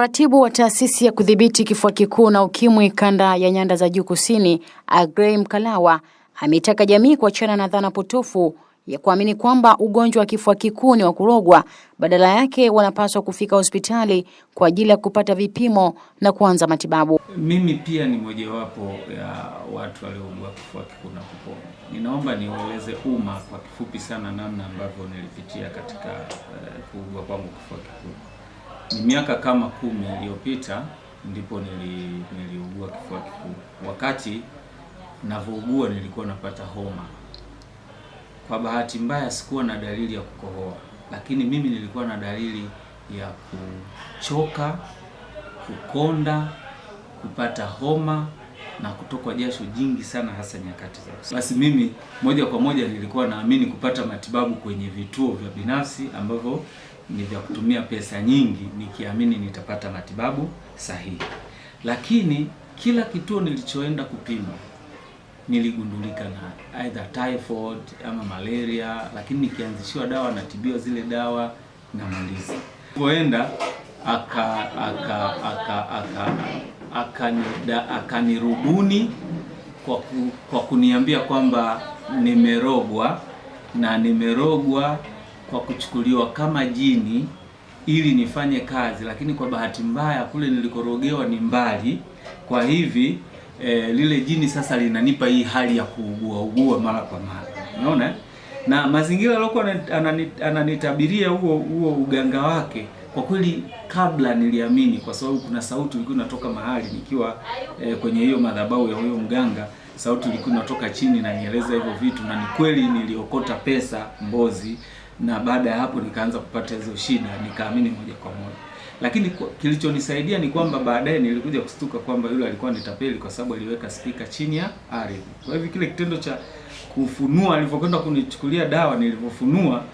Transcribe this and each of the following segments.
Mratibu wa taasisi ya kudhibiti kifua kikuu na ukimwi kanda ya nyanda za juu kusini, Agrey Mkalawa, ameitaka jamii kuachana na dhana potofu ya kuamini kwamba ugonjwa wa kifua kikuu ni wa kurogwa. Badala yake wanapaswa kufika hospitali kwa ajili ya kupata vipimo na kuanza matibabu. Mimi pia ni mojawapo ya watu waliougua kifua kikuu na kupona. Ninaomba niwaeleze umma kwa kifupi sana namna ambavyo nilipitia katika uh, kuugua kwangu kifua kikuu. Ni miaka kama kumi iliyopita ndipo nili, niliugua kifua kikuu. Wakati navyougua nilikuwa napata homa. Kwa bahati mbaya sikuwa na dalili ya kukohoa, lakini mimi nilikuwa na dalili ya kuchoka, kukonda, kupata homa na kutokwa jasho jingi sana, hasa nyakati za usiku. Basi mimi moja kwa moja nilikuwa naamini kupata matibabu kwenye vituo vya binafsi ambavyo ni vya kutumia pesa nyingi nikiamini nitapata matibabu sahihi, lakini kila kituo nilichoenda kupimwa niligundulika na either typhoid ama malaria, lakini nikianzishiwa dawa natibiwa zile dawa na maliza poenda aka aka aka aka akanirubuni kwa, ku, kwa kuniambia kwamba nimerogwa na nimerogwa kwa kuchukuliwa kama jini ili nifanye kazi, lakini kwa bahati mbaya kule nilikorogewa ni mbali, kwa hivi e, lile jini sasa linanipa hii hali ya kuugua ugua mara kwa mara, unaona na mazingira aliyokuwa ananitabiria huo huo uganga wake, kwa kweli kabla niliamini, kwa sababu kuna sauti ilikuwa inatoka mahali nikiwa e, kwenye hiyo madhabahu ya huyo mganga. Sauti ilikuwa inatoka chini na nieleza hivyo vitu, na ni kweli niliokota pesa Mbozi na baada ya hapo nikaanza kupata hizo shida, nikaamini moja kwa moja. Lakini kilichonisaidia ni kwamba baadaye nilikuja kustuka kwamba yule alikuwa ni tapeli, kwa sababu aliweka spika chini ya ardhi. Kwa hivyo kile kitendo cha kufunua, alivyokwenda kunichukulia dawa, nilivyofunua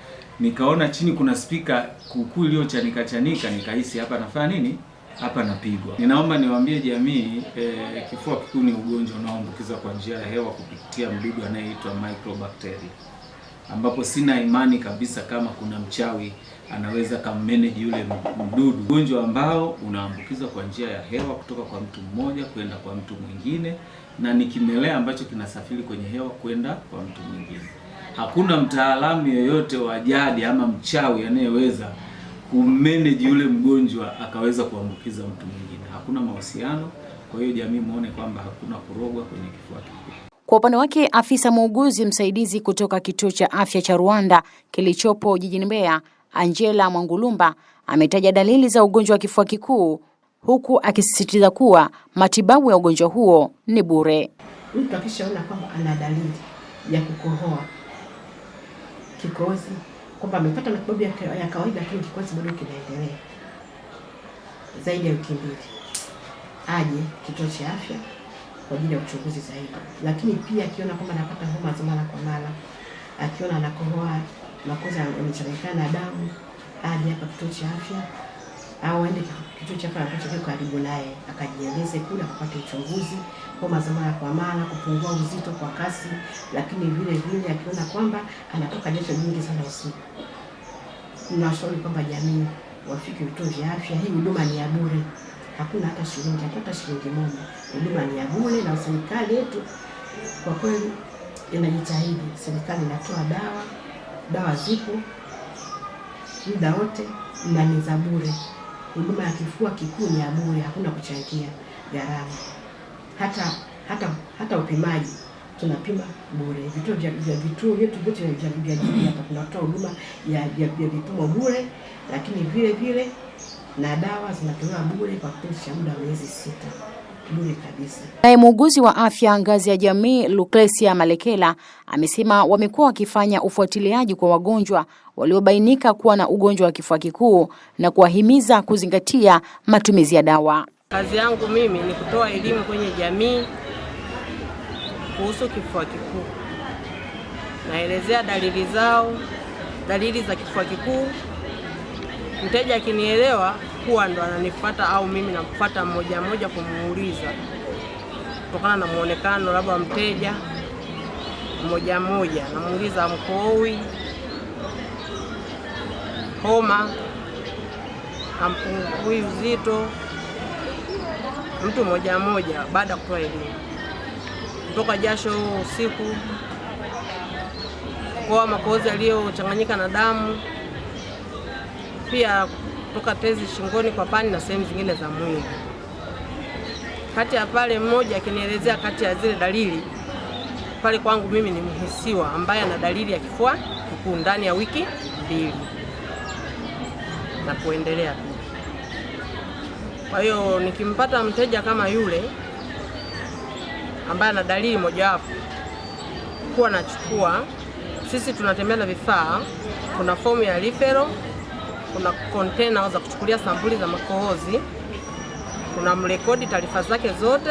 nikaona chini kuna spika kuukuu iliyochanika chanika, nikahisi hapa nafanya nini hapa napigwa. Ninaomba niwaambie jamii e, kifua kikuu ni ugonjwa unaoambukiza kwa njia ya hewa kupitia mdudu anayeitwa microbacteria ambapo sina imani kabisa kama kuna mchawi anaweza kammanage yule mdudu. Ugonjwa ambao unaambukizwa kwa njia ya hewa kutoka kwa mtu mmoja kwenda kwa mtu mwingine, na ni kimelea ambacho kinasafiri kwenye hewa kwenda kwa mtu mwingine. Hakuna mtaalamu yeyote wa jadi ama mchawi anayeweza kumeneji yule mgonjwa akaweza kuambukiza mtu mwingine. Hakuna mahusiano. Kwa hiyo jamii muone kwamba hakuna kurogwa kwenye kifua kikuu. Kwa upande wake, afisa muuguzi msaidizi kutoka kituo cha afya cha Rwanda kilichopo jijini Mbeya, Angela Mwangulumba ametaja dalili za ugonjwa wa kifua kikuu huku akisisitiza kuwa matibabu ya ugonjwa huo ni bure. Mtu akishaona kwamba ana dalili ya kukohoa kikozi, kwamba amepata matibabu ya kawaida, lakini kikozi bado kinaendelea zaidi ya wiki mbili, aje kituo cha afya kwa ajili ya uchunguzi zaidi, lakini pia akiona kwamba anapata homa za mara kwa mara, akiona anakohoa makosa yamechanganyikana na damu, aje hapa kituo cha afya au aende kituo cha afya ambacho kiko karibu naye, akajieleze kule, akapata uchunguzi, homa za mara kwa mara, kupungua uzito kwa kasi, lakini vile vile akiona kwamba anatoka jasho nyingi sana usiku, ninawashauri kwamba jamii wafike vituo vya afya. Hii huduma ni ya bure hakuna hata shilingi, hata shilingi moja. Huduma ni ya bure, na serikali yetu kwa kweli inajitahidi. Serikali inatoa dawa, dawa zipo muda wote na ni za bure. Huduma ya kifua kikuu ni ya bure, hakuna kuchangia gharama. Hata hata hata upimaji tunapima bure. Vituo vya vituo vyetu vyote vya hapa tunatoa huduma ya vipimo bure, lakini vile vile na dawa zinatolewa bure kwa kipindi cha muda wa miezi sita kabisa. Naye muuguzi wa afya ngazi ya jamii Lucrecia Malekela amesema wamekuwa wakifanya ufuatiliaji kwa wagonjwa waliobainika kuwa na ugonjwa wa kifua kikuu na kuwahimiza kuzingatia matumizi ya dawa. Kazi yangu mimi ni kutoa elimu kwenye jamii kuhusu kifua kikuu. Naelezea dalili zao, dalili za kifua kikuu mteja akinielewa kuwa ndo ananifuata au mimi namfuata mmoja mmoja kumuuliza kutokana na muonekano labda mteja mmoja mmoja namuuliza mkowi, homa, ampungui uzito, mtu mmoja mmoja. Baada ya kutoa elimu, kutoka jasho usiku, kwa makozi aliyochanganyika na damu pia kutoka tezi shingoni kwa pani na sehemu zingine za mwili. Kati ya pale mmoja akinielezea kati ya zile dalili pale kwangu mimi ni mhisiwa ambaye ana dalili ya kifua kikuu ndani ya wiki mbili na kuendelea pia. Kwa hiyo nikimpata mteja kama yule ambaye ana dalili mojawapo, kuwa nachukua, sisi tunatembea na vifaa, kuna fomu ya referral kuna kontena za kuchukulia sampuli za makohozi, kuna mrekodi taarifa zake zote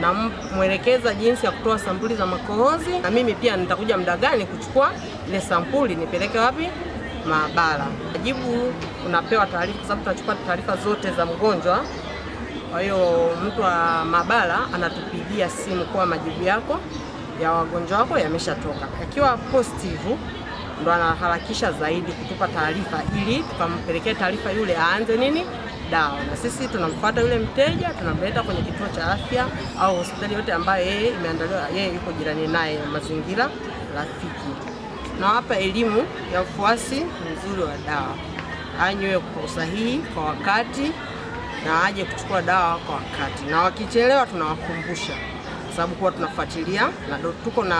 na mwelekeza jinsi ya kutoa sampuli za makohozi, na mimi pia nitakuja muda gani kuchukua ile sampuli nipeleke wapi maabara. Majibu unapewa taarifa, kwa sababu tunachukua taarifa zote za mgonjwa. Kwa hiyo mtu wa maabara anatupigia simu kuwa majibu yako ya wagonjwa wako yameshatoka. Akiwa positive ndo anaharakisha zaidi kutupa taarifa ili tukampelekea taarifa yule aanze nini dawa, na sisi tunamfuata yule mteja, tunamleta kwenye kituo cha afya au hospitali yote ambayo yeye imeandaliwa, yeye yuko jirani naye, mazingira rafiki. Na hapa elimu ya ufuasi mzuri wa dawa, anywe kwa usahihi, kwa wakati na aje kuchukua dawa kwa wakati, na wakichelewa tunawakumbusha, sababu kuwa tunafuatilia na tuko na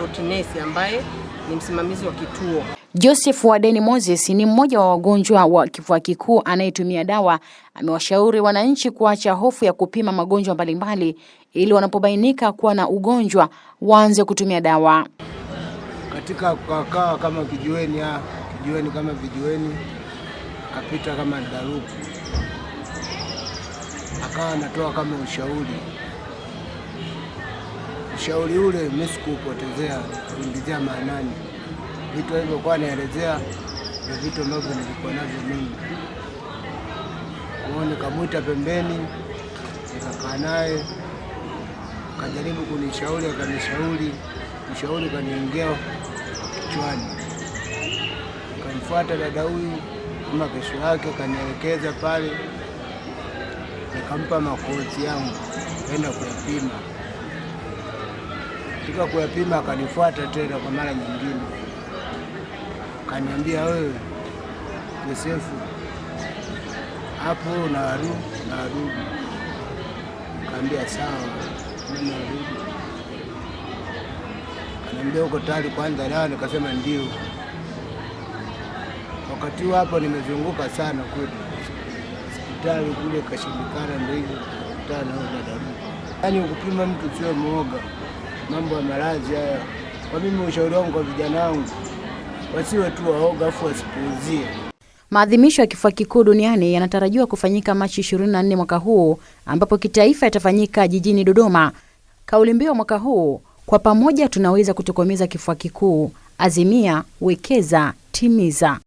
dotinesi ambaye ni msimamizi wa kituo. Joseph Wadeni Moses ni mmoja wa wagonjwa wa kifua kikuu anayetumia dawa. Amewashauri wananchi kuacha hofu ya kupima magonjwa mbalimbali ili wanapobainika kuwa na ugonjwa waanze kutumia dawa. Katika kukakaa kama kijiweni, ah, kijiweni kama vijiweni, kapita kama darupu, akawa anatoa kama ushauri ushauri ule Messi kupotezea kuingizia maanani vitu alivyokuwa anaelezea na vitu ambavyo nilikuwa navyo mimi. Kwao nikamwita pembeni, nikakaa naye, akajaribu kunishauri, akanishauri, ushauri kaniingia kichwani. Nikamfuata dada huyu kama kesho yake, kanielekeza pale, nikampa makozi yangu kaenda kuyapima katika kuyapima akanifuata tena kwa mara nyingine, akaniambia wewe Yosefu, hapo na nawarudu. Kaambia sawa, nawarudu. Akaniambia uko tayari kwanza dawa? Nikasema ndio. Wakati huo hapo nimezunguka sana kule hospitali kule, kashindikana, ndio hivyo kutana na daruku. Yaani ukupima mtu sio muoga mambo ya maradhi haya. Kwa mimi ushauri wangu kwa vijana wangu wasiwe tu waoga, afu wasipuuzie. Maadhimisho ya kifua kikuu duniani yanatarajiwa kufanyika Machi 24 mwaka huu, ambapo kitaifa yatafanyika jijini Dodoma. Kauli mbiu mwaka huu, kwa pamoja tunaweza kutokomeza kifua kikuu, azimia, wekeza, timiza.